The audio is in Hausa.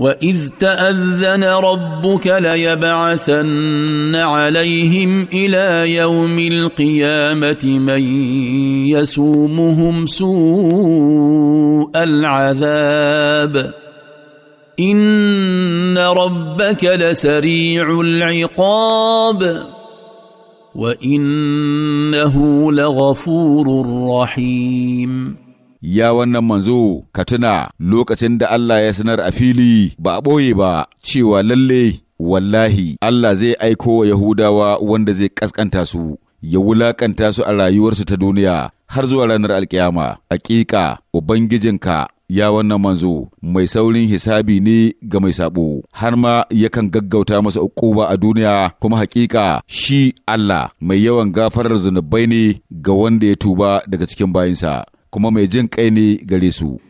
واذ تاذن ربك ليبعثن عليهم الى يوم القيامه من يسومهم سوء العذاب ان ربك لسريع العقاب وانه لغفور رحيم Ya wannan manzo, ka tuna lokacin da Allah ya sanar a fili ba a ɓoye ba cewa lalle wallahi Allah zai aiko wa Yahudawa wanda zai ƙasƙanta su, ya wulaƙanta su a rayuwarsu ta duniya har zuwa ranar alkiyama. Hakika, Ubangijinka ya wannan manzo mai saurin hisabi ne ga mai sabo har ma yakan gaggauta masa ukuba a duniya kuma hakika shi Allah mai yawan gafarar zunubai ne ga wanda ya tuba daga cikin bayinsa kuma mai jin kai ne gare su.